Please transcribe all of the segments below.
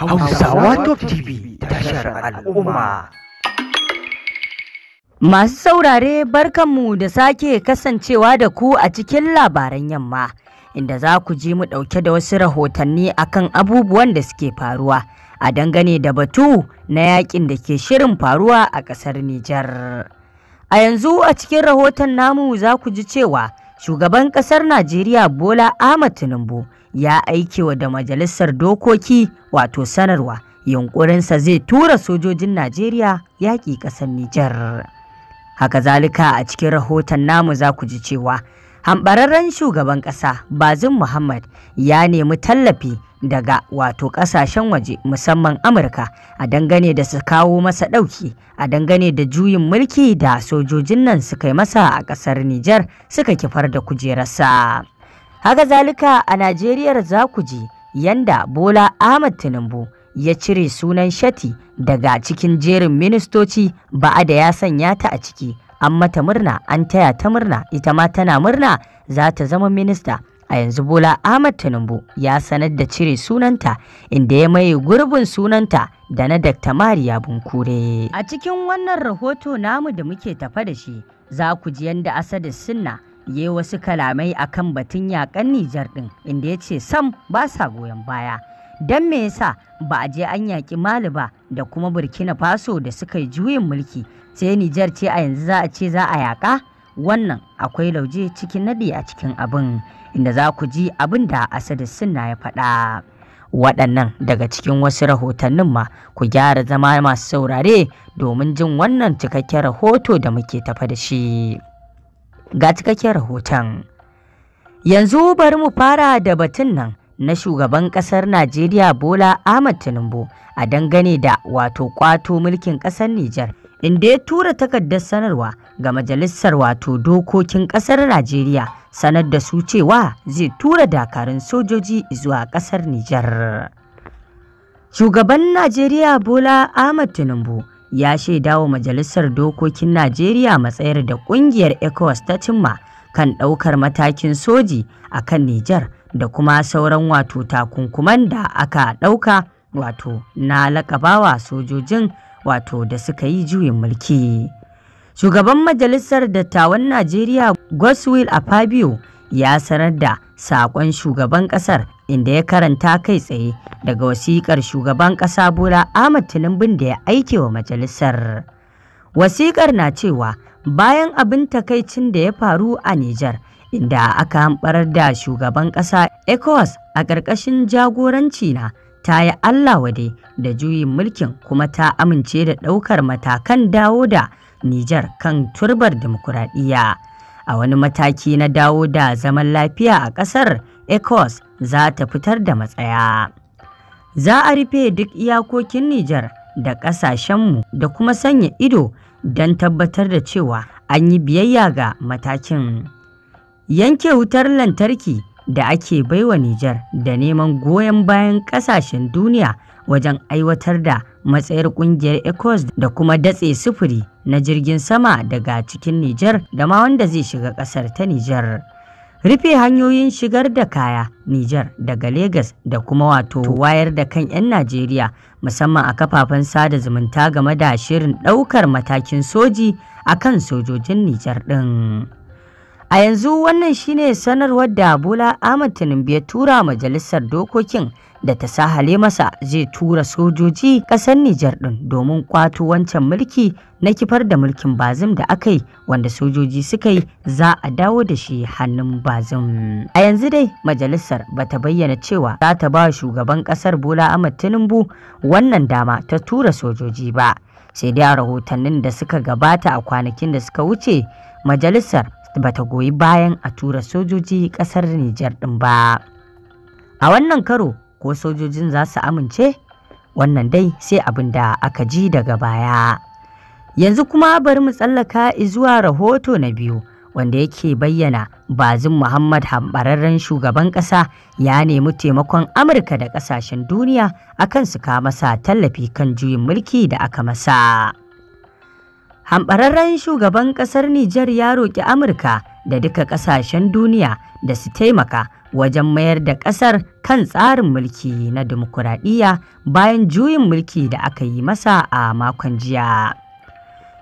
Hausawa Top TV tashar al'umma. Masu saurare barkanmu da sake kasancewa da ku a cikin labaran yamma inda za ku ji mu ɗauke da wasu rahotanni akan abubuwan da suke faruwa a dangane da batu na yakin da ke shirin faruwa a ƙasar Nijar. A yanzu a cikin rahoton namu za ku ji cewa shugaban ƙasar Najeriya Bola Ahmad Tinubu ya aikewa da majalisar dokoki wato sanarwa yunkurinsa zai tura sojojin Najeriya yaƙi ƙasar Nijar. Haka zalika a cikin rahoton namu za ku ji cewa hambararren shugaban ƙasa Bazin Muhammad ya nemi tallafi daga wato ƙasashen waje musamman Amurka a dangane da su kawo masa ɗauki a dangane da juyin mulki da sojojin nan suka yi masa a ƙasar Nijar suka kifar da kujerarsa. Haka zalika a Najeriya za ku ji yanda Bola Ahmad Tinubu ya cire sunan Shati daga cikin jerin ministoci ba'a da ya sanya ta a ciki. An mata murna, an taya ta murna, ita ma tana murna za ta zama minista. A yanzu Bola Ahmad Tinubu ya sanar da cire sunanta inda ya maye gurbin sunanta da na Dr. Mariya Bunkure. A cikin wannan rahoto namu da muke tafa da shi, za ku ji yanda Asadu Sinna ya yi wasu kalamai a kan batun yakan Nijar ɗin inda ya ce sam ba sa goyon baya. Don me yasa ba a je an yaƙi Mali ba da kuma Burkina Faso da suka yi juyin mulki sai Nijar ce a yanzu za a ce za a yaƙa? Wannan akwai lauje cikin nadi a cikin abin inda za ku ji abin da Asadu Sunna ya faɗa. waɗannan daga cikin wasu rahotannin ma ku gyara zama masu saurare domin jin wannan cikakken rahoto da muke tafa da shi. ga cikakken rahoton yanzu bari mu fara da batun nan na shugaban ƙasar najeriya bola ahmad tinubu a dangane da wato kwato mulkin ƙasar nijar inda ya tura takardar sanarwa ga majalisar wato dokokin ƙasar najeriya sanar da su cewa zai tura dakarun sojoji zuwa ƙasar nijar shugaban najeriya bola ahmad tinubu ya shaidawa Majalisar Dokokin Najeriya matsayar da ƙungiyar ECOWAS ta cimma kan ɗaukar matakin soji a kan Nijar da kuma sauran wato takunkuman da aka ɗauka wato na lakabawa sojojin wato da suka yi juyin mulki. Shugaban Majalisar Dattawan Najeriya Goswill Afabio ya sanar da saƙon shugaban ƙasar inda ya karanta kai tsaye daga wasiƙar shugaban ƙasa Bola Ahmad Tinubu da ya aike wa majalisar. Wasiƙar na cewa bayan abin takaicin da ya faru a Nijar inda aka hamɓarar da shugaban ƙasa ECOWAS a ƙarƙashin jagoranci na ta yi Allah wade da juyin mulkin kuma ta amince da ɗaukar matakan dawo da Nijar kan turbar dimokuraɗiyya. A wani mataki na dawo da zaman lafiya a ƙasar ECOWAS za ta fitar da matsaya. Za a rufe duk iyakokin Nijar da ƙasashenmu da kuma sanya ido don tabbatar da cewa an yi biyayya ga matakin. Yanke wutar lantarki da ake baiwa Nijar da neman goyon bayan ƙasashen duniya wajen aiwatar da matsayar ƙungiyar ECOWAS da kuma datse sufuri na jirgin sama daga cikin Nijar da ma wanda zai shiga ƙasar ta Nijar. rufe hanyoyin shigar da kaya Nijar daga Legas da kuma wato wayar da kan 'yan Najeriya musamman a kafafen sada zumunta game da shirin ɗaukar matakin soji a kan sojojin Nijar ɗin. A yanzu wannan shine sanarwar da Bola Ahmed Tinubu ya tura majalisar dokokin da ta sahale masa zai tura sojoji ƙasar Nijar ɗin domin kwato wancan mulki na kifar da mulkin bazum da aka yi wanda sojoji suka yi za a dawo da shi hannun bazum. A yanzu dai majalisar ta bayyana cewa za ta ba shugaban ƙasar Bola Ahmed Tinubu wannan dama ta tura sojoji ba. Sai dai a rahotannin da suka gabata a kwanakin da suka wuce majalisar bata goyi bayan a tura sojoji kasar Nijar ɗin ba. A wannan karo ko sojojin za su amince? Wannan dai sai abin da aka ji daga baya. Yanzu kuma bari mu tsallaka zuwa rahoto na biyu wanda yake bayyana bazin Muhammad hambararren shugaban ƙasa ya nemi taimakon Amurka da ƙasashen duniya akan su masa tallafi kan juyin mulki da aka masa. hamɓararren shugaban ƙasar Nijar ya roƙi Amurka da duka ƙasashen duniya da su taimaka wajen mayar da ƙasar kan tsarin mulki na dimokuraɗiyya bayan juyin mulki da aka yi masa a makon jiya.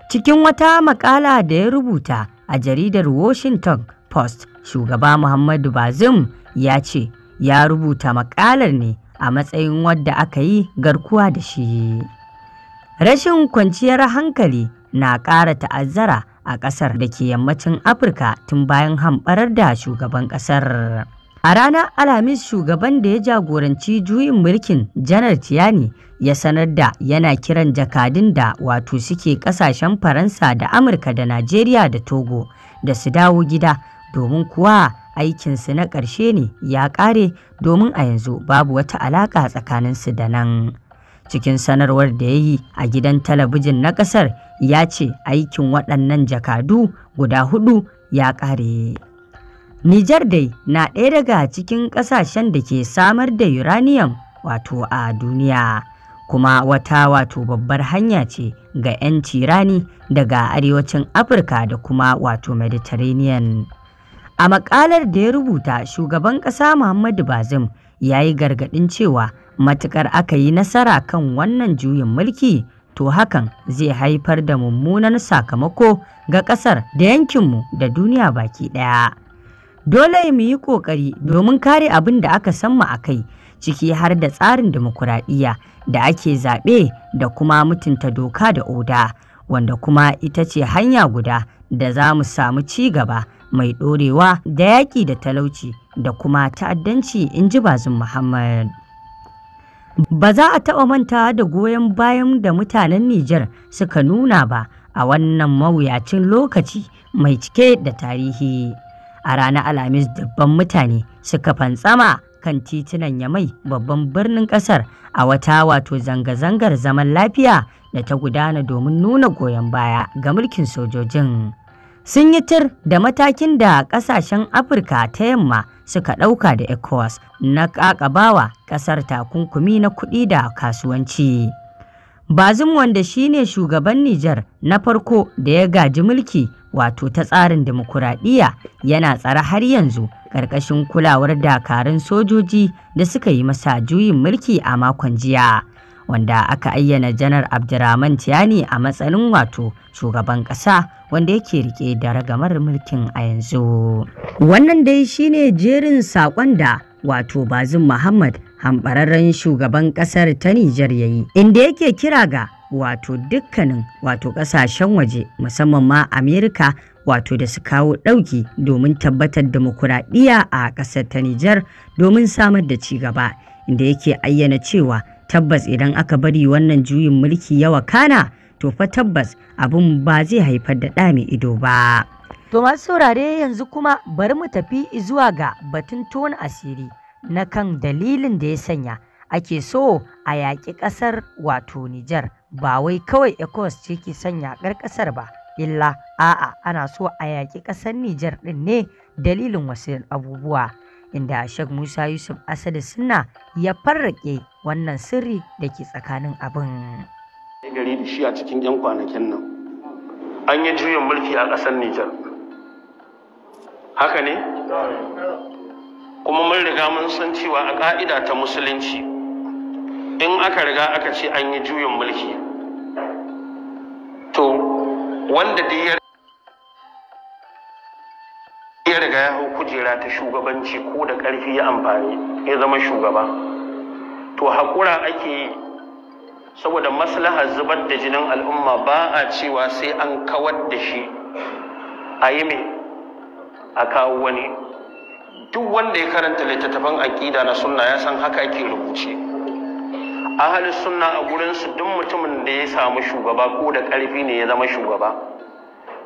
Cikin wata maƙala da ya rubuta a jaridar Washington Post, shugaba Muhammadu Bazum ya ce ya rubuta maƙalar ne a matsayin wadda aka yi garkuwa da shi. Rashin kwanciyar hankali na ƙara ta'azzara a ƙasar da ke yammacin Afirka tun bayan hamɓarar da shugaban ƙasar. A ranar Alhamis shugaban da ya jagoranci juyin mulkin Janar Tiyani ya sanar da yana kiran jakadin da wato suke ƙasashen Faransa da Amurka da Najeriya da Togo da su dawo gida domin kuwa aikinsu na ƙarshe ne ya ƙare domin a yanzu babu wata alaƙa tsakaninsu da nan. Cikin sanarwar da ya yi a gidan talabijin na ƙasar ya ce aikin waɗannan jakadu guda hudu ya ƙare. Nijar dai na ɗaya daga cikin ƙasashen da ke samar da uranium wato a duniya kuma wata wato babbar hanya ce ga 'yan tirani daga arewacin Afirka da kuma wato Mediterranean. A makalar da ya rubuta shugaban ƙasa Muhammadu Bazum ya yi gargaɗin cewa matuƙar aka yi nasara kan wannan juyin mulki to hakan zai haifar da mummunan sakamako ga ƙasar da yankinmu da duniya baki ɗaya. Dole mu yi ƙoƙari domin kare abin da aka san mu a kai ciki har da tsarin dimokuraɗiyya da ake zaɓe da kuma mutunta doka da oda wanda kuma ita ce hanya guda da za mu samu ci gaba mai ɗorewa da yaƙi da talauci da kuma ta'addanci in ji bazin Muhammad. Ba za a taɓa mantawa da goyon bayan da mutanen Nijar suka nuna ba a wannan mawuyacin lokaci mai cike da tarihi. A ranar Alhamis dubban mutane suka fantsama kan titunan Yamai babban birnin ƙasar a wata wato zanga-zangar zaman lafiya da ta gudana domin nuna goyon baya ga mulkin sojojin. sun yi tur da matakin da kasashen afirka ta yamma suka ɗauka da ecowas na ƙaƙabawa ƙasar takunkumi na kuɗi da kasuwanci bazum wanda shine shugaban nijar na farko da ya gaji mulki wato ta tsarin demokuraɗiyya yana tsare har yanzu ƙarƙashin kulawar dakarun sojoji da suka yi masa juyin mulki a makon jiya wanda aka ayyana janar abdurrahman tiani a matsayin wato shugaban ƙasa wanda yake rike da ragamar mulkin a yanzu wannan dai shine jerin saƙon da wato bazin muhammad hambararren shugaban ƙasar ta nijar yi, inda yake kira ga wato dukkanin wato ƙasashen waje musamman ma amerika wato da su kawo ɗauki domin tabbatar demokuraɗiyya a ƙasar ta Nijar domin samar da ci gaba inda yake ayyana cewa tabbas idan aka bari wannan juyin mulki yawa kana to fa tabbas abin ba zai haifar da ɗa ido ba. To masu saurare yanzu kuma bari mu tafi zuwa ga batun tona asiri na kan dalilin da ya sanya ake so a yaƙi ƙasar wato Nijar ba wai kawai ECOWAS ce ke sanya ƙar ƙasar ba illa a'a ana so a yaƙi ƙasar Nijar ɗin ne dalilin wasu abubuwa. inda Sheikh Musa Yusuf Asadu Sunna ya farrake wannan sirri da ke tsakanin abin. gari da shi a cikin 'yan kwanakin nan an yi juyin mulki a ƙasar Nijar. Haka ne? Kuma mun riga mun san cewa a ƙa'ida ta musulunci in aka riga aka ce an yi juyin mulki to wanda da ya ya riga ya hau kujera ta shugabanci ko da ƙarfi ya amfani ya zama shugaba to haƙura ake yi saboda maslaha zubar da jinin al'umma ba a cewa sai an kawar da shi a yi mai a kawo wani duk wanda ya karanta littattafan aƙida na sunna ya san haka ake rubuce ahalin sunna a gurinsu duk mutumin da ya samu shugaba ko da ƙarfi ne ya zama shugaba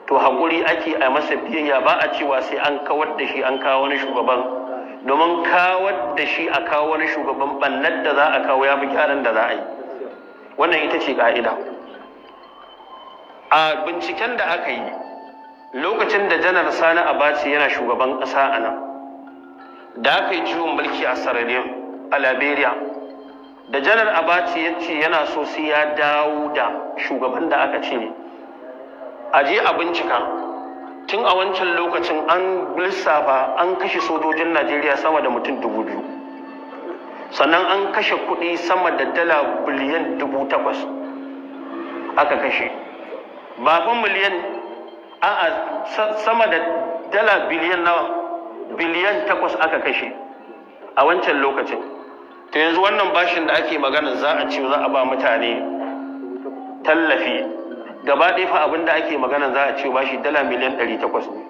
to haƙuri ake a masa biyayya ba a cewa sai an kawar da shi an kawo wani shugaban domin kawar da shi a kawo wani shugaban bannan da za a kawo ya fi gyaran da za a yi wannan ita ce ka'ida a binciken da aka yi lokacin da janar sani abaci yana shugaban ƙasa a nan da aka yi juyin mulki a sararin a liberia da janar abaci ya ce yana so sai ya dawo da shugaban da aka ce ne a je a bincika tun a wancan lokacin an lissafa an kashe sojojin najeriya sama da mutum dubu biyu sannan an kashe kuɗi sama da dala biliyan dubu takwas aka kashe babban miliyan a sama da dala biliyan nawa biliyan takwas aka kashe a wancan lokacin to yanzu wannan bashin da ake magana za a ce za a ba mutane tallafi gaba ɗaya fa abin da ake magana za a ce ba shi dala miliyan ɗari takwas ne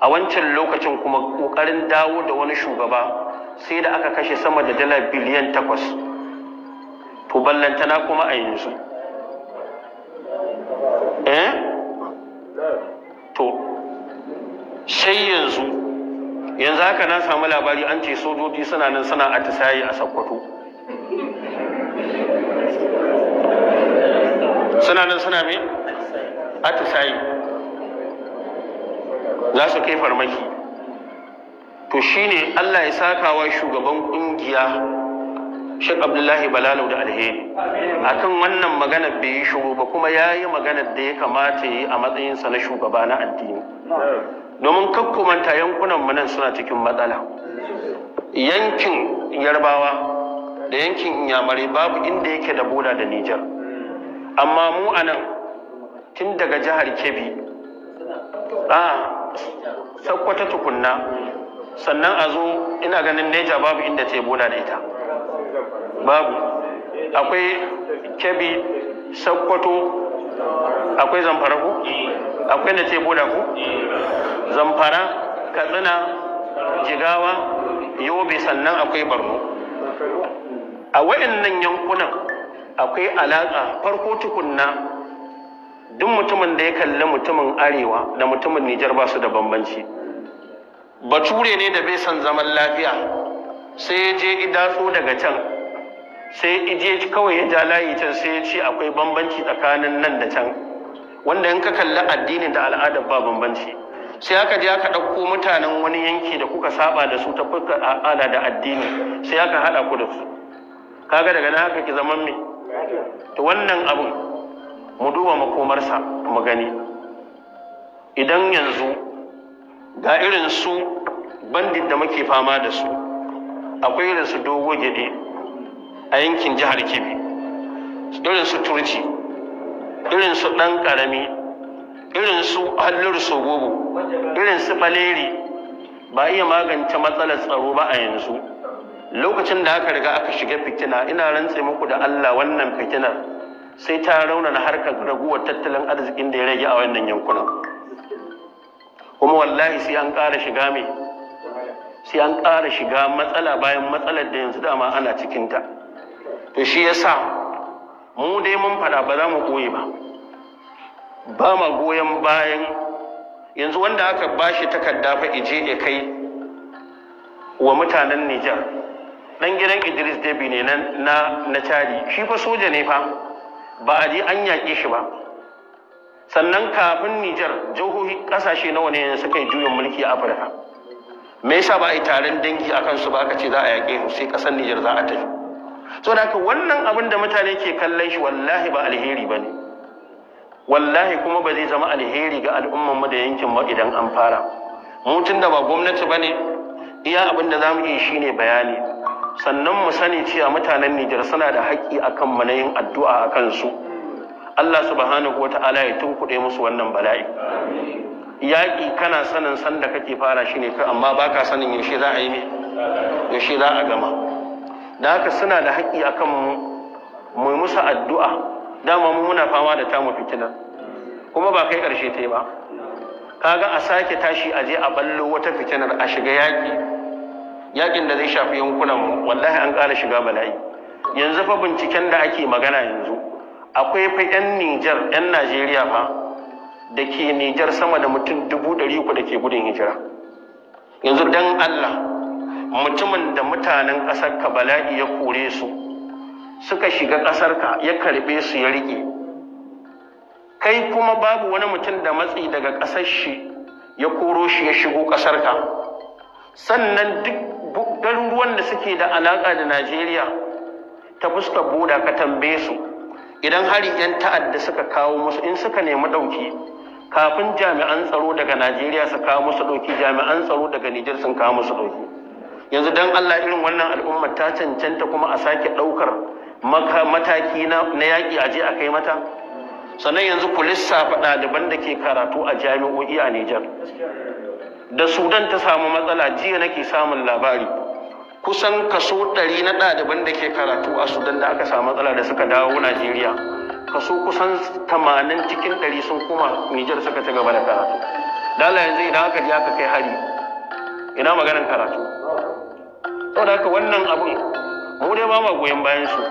a wancan lokacin kuma ƙoƙarin dawo da wani shugaba sai da aka kashe sama da dala biliyan takwas to ballantana kuma a yanzu eh to sai yanzu yanzu haka na samu labari an ce sojoji suna nan suna atisaye a sakkwato suna nan suna me atisayi za su kai farmaki to shine Allah ya sakawa shugaban kungiya Sheikh Abdullahi balalu da alheri akan wannan maganar bai yi shiru ba kuma ya yi maganar da ya kamata yi a matsayin sa na shugaba na addini domin kakkumanta yankunan mu nan suna cikin matsala yankin yarbawa da yankin Inyamare babu inda yake da boda da Nijar amma mu a nan tun daga jihar kebbi a ah, sakwata tukunna sannan a zo ina ganin neja babu inda ta bola da ita babu akwai kebbi sakwato akwai zamfara ko akwai da ta bola ko zamfara katsina jigawa yobe sannan akwai barno a wayannan yankunan akwai alaƙa farko tukunna duk mutumin da ya kalli mutumin arewa da mutumin nijar ba su da bambanci bature ne da bai san zaman lafiya sai ya je idatsu daga can sai ije kawai ya ja layi can sai ya ce akwai bambanci tsakanin nan da can wanda in ka kalli addini da al'adar ba bambanci sai aka je aka ɗauko mutanen wani yanki da kuka saba da su ta fuka al'ada da addini sai aka haɗa ku da su kaga daga nan haka ki zaman me to wannan abun mu duba makomarsa mu gani idan yanzu ga irin su bandit da muke fama da su akwai irin su dogo gyaɗe a yankin jihar kebbi irin su turci irin su ɗan ƙarami irin su hallur sogogo irin su baleri ba iya magance matsalar tsaro ba a yanzu lokacin da aka riga aka shiga fitina ina rantse muku da allah wannan fitinar sai ta raunana harkar raguwar tattalin arzikin da ya rage a wannan yankunan kuma wallahi sai an ƙara shiga mai sai an ƙara shiga matsala bayan matsalar da yanzu dama ana cikinta to shi ya sa. mu dai mun faɗa ba za mu koyi ba ba ma goyon bayan yanzu wanda aka ba shi takarda fa ije ya kai wa mutanen Nijar Ɗan gidan Idris Debi ne na na shi fa soja ne fa ba a ji an yaƙe shi ba sannan kafin Nijar jihohi ƙasashe nawa ne suka yi juyin mulki a Afirka me yasa ba a yi taron dangi a kansu ba aka ce za a yaƙe su sai ƙasar Nijar za a tafi so da haka wannan abin da mutane ke kallon shi wallahi ba alheri ba ne wallahi kuma ba zai zama alheri ga mu da yankin ba idan an fara mutun da ba gwamnati ba ne iya abin da za mu iya shine bayani sannan mu sani cewa mutanen Nijar suna da haƙƙi akan mu na yin addu'a akan su Allah subhanahu wata'ala ya tunkuɗe musu wannan bala'i yaƙi kana sanin sanda kake fara shi ne amma ba ka sanin yaushe za a yi ne yaushe za a gama da haka suna da haƙƙi akan mu musu addu'a dama mu muna fama da tamu fitina kuma ba kai ƙarshe ta yi ba ga a sake tashi a je a ballo wata fitinar a shiga yaƙi yakin da zai shafi yankunan wallahi an kara shiga bala'i yanzu fa binciken da ake magana yanzu akwai fa 'yan Nijar 'yan Najeriya fa da ke Nijar sama da mutum dubu ɗari uku da ke gudun hijira yanzu dan Allah mutumin da mutanen ƙasar ka bala'i ya kore su suka shiga ƙasar ka ya karɓe su ya riƙe kai kuma babu wani mutum da matsi daga ƙasar shi ya koro shi ya shigo ƙasar ka sannan duk duk garuruwan da suke da alaƙa da najeriya ta fuskar boda ka tambaye su idan har 'yan ta'adda suka kawo musu in suka nemi ɗauki kafin jami'an tsaro daga najeriya su kawo musu ɗauki jami'an tsaro daga nijar sun kawo musu ɗauki yanzu dan allah irin wannan al'umma ta cancanta kuma a sake ɗaukar mataki na yaƙi a je a kai mata sannan yanzu ku lissafa daban da ke karatu a jami'o'i a nijar da sudan ta samu matsala jiya nake samun labari kusan kaso ɗari na ɗaliban da ke karatu a sudan da aka samu matsala da suka dawo najeriya kaso kusan tamanin cikin ɗari sun koma nijar suka ci gaba da karatu dala yanzu idan aka ji aka kai hari ina maganin karatu da haka wannan abun mu dai ba ma goyon bayan su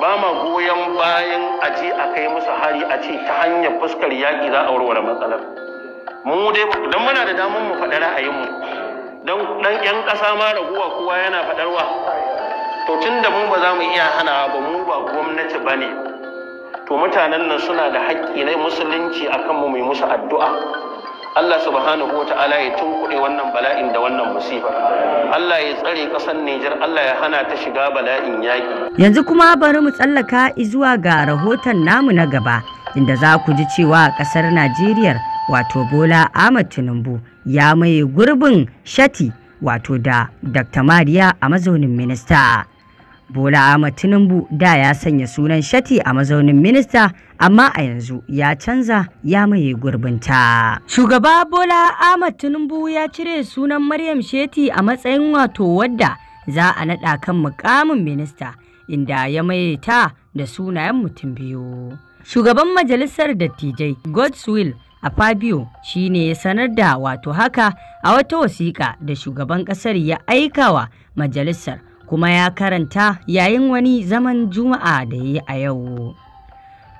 ba ma goyon bayan a je a kai musu hari a ce ta hanyar fuskar yaƙi za a warware matsalar mu dai don muna da damar mu faɗi ra'ayinmu don ɗan ƴan ƙasa ma raguwa kowa yana faɗarwa to tun da mu ba za mu iya hana ba mu ba gwamnati ba ne to mutanen nan suna da haƙƙi na musulunci a kanmu mai musu addu'a Allah subhanahu wa ta'ala ya tunkuɗe wannan bala'in da wannan musifa Allah ya tsare ƙasar Nijar Allah ya hana ta shiga bala'in yaƙi yanzu kuma bari mu tsallaka zuwa ga rahoton namu na gaba inda za ku ji cewa ƙasar Najeriya wato bola ahmad tinubu ya maye gurbin shati wato da dr mariya a mazaunin minista bola ahmad tinubu da ya sanya sunan shati a mazaunin minista amma a yanzu ya canza ya maye gurbinta shugaba bola ahmad tinubu ya cire sunan maryam sheti a matsayin wato wadda za a naɗa kan mukamin minista inda ya maye ta da sunayen mutum biyu shugaban majalisar dattijai godswill a Fabio shi ne ya sanar da wato haka a wata wasiƙa da shugaban ƙasar ya aikawa majalisar kuma ya karanta yayin wani zaman juma'a da ya yi a yau.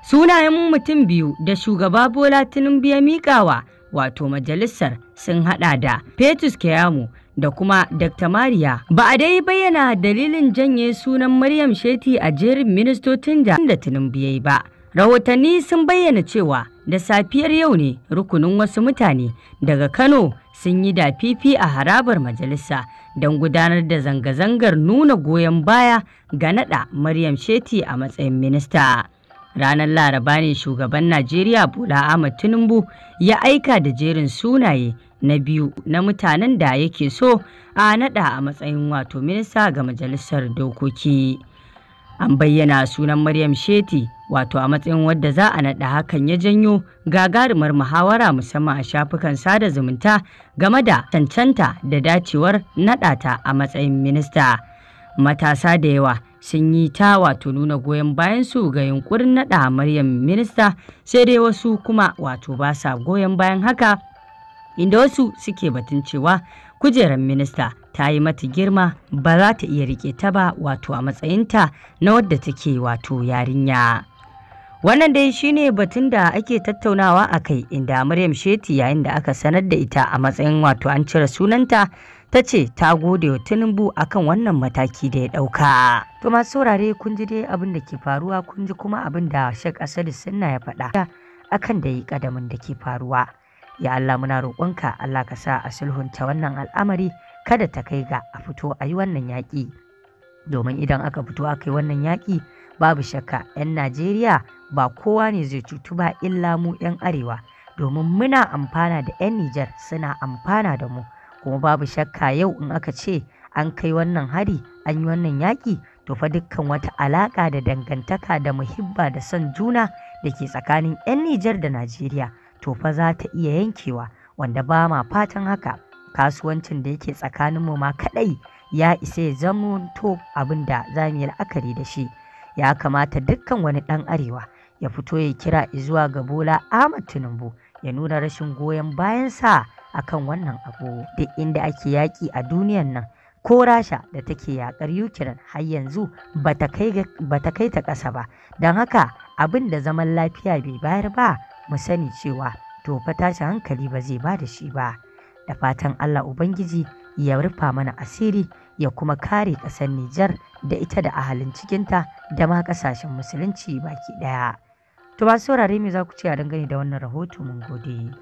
Sunayen mutum biyu da shugaba Bola Tinubu ya miƙawa wato majalisar sun haɗa da Petrus kayamu da kuma Dr. Maria. Ba a dai bayyana dalilin janye sunan Maryam Sheti a jerin ministocin da Tinubu ya yi ba. Rahotanni sun bayyana cewa da safiyar yau ne rukunin wasu mutane daga Kano sun yi dafifi a harabar majalisa don gudanar da zanga-zangar nuna goyon baya ga nada Maryam Sheti a matsayin minista. Ranar Laraba ne shugaban Najeriya Bola Ahmed Tinubu ya aika da jerin sunaye na biyu na mutanen da yake so a nada a matsayin wato minista ga majalisar dokoki. An bayyana sunan Maryam Sheti wato a matsayin wadda za a naɗa hakan ya janyo gagarumar muhawara musamman a shafukan sada zumunta game da cancanta da dacewar naɗata a matsayin minista matasa da yawa sun yi ta wato nuna goyon bayan su ga yunkurin naɗa maryam minista sai dai wasu kuma wato ba sa goyon bayan haka inda wasu suke batun cewa kujerar minista ta yi mata girma ba za ta iya rike ta ba wato a matsayinta na wadda take wato yarinya. Wannan dai shi ne batun da ake tattaunawa a kai inda Maryam Sheti yayin da aka sanar da ita a matsayin wato an cire sunanta ta ce ta gode wa Tinubu akan wannan mataki da ya ɗauka. To masu saurare kun ji dai abin da ke faruwa kun ji kuma abin da Sheikh Asadu Sunna ya faɗa akan da yi kadamin da ke faruwa. Ya Allah muna roƙonka Allah ka sa a sulhunta wannan al'amari kada ta kai ga a fito a yi wannan yaƙi. domin idan aka fito aka yi wannan yaƙi babu shakka 'yan najeriya ba kowa ne zai cutu ba illa mu 'yan arewa domin muna amfana da 'yan nijar suna amfana da mu kuma babu shakka yau in aka ce an kai wannan hari an yi wannan yaƙi to fa dukkan wata alaƙa da dangantaka da muhibba da son juna da ke tsakanin 'yan nijar da najeriya to fa za ta iya yankewa wanda ba ma fatan haka kasuwancin da yake mu ma kaɗai ya isa ya zamanto abin da za mu yi la'akari da shi ya kamata dukkan wani ɗan arewa ya fito ya kira zuwa ga bola ahmad tinubu ya nuna rashin goyon bayan bayansa akan wannan abu duk inda ake yaƙi a duniyan nan ko rasha da take yakar ukraine har yanzu ba ta kai ta ƙasa ba don haka abin da zaman lafiya bai bayar ba mu sani cewa to fa tashi hankali ba zai ba da shi ba da fatan allah ubangiji ya rufa mana asiri ya kuma kare ƙasar Nijar da ita da ahalin cikinta da ma ƙasashen musulunci baki ɗaya. To ba saurare me za ku ce a dangane da wannan rahoton mun gode.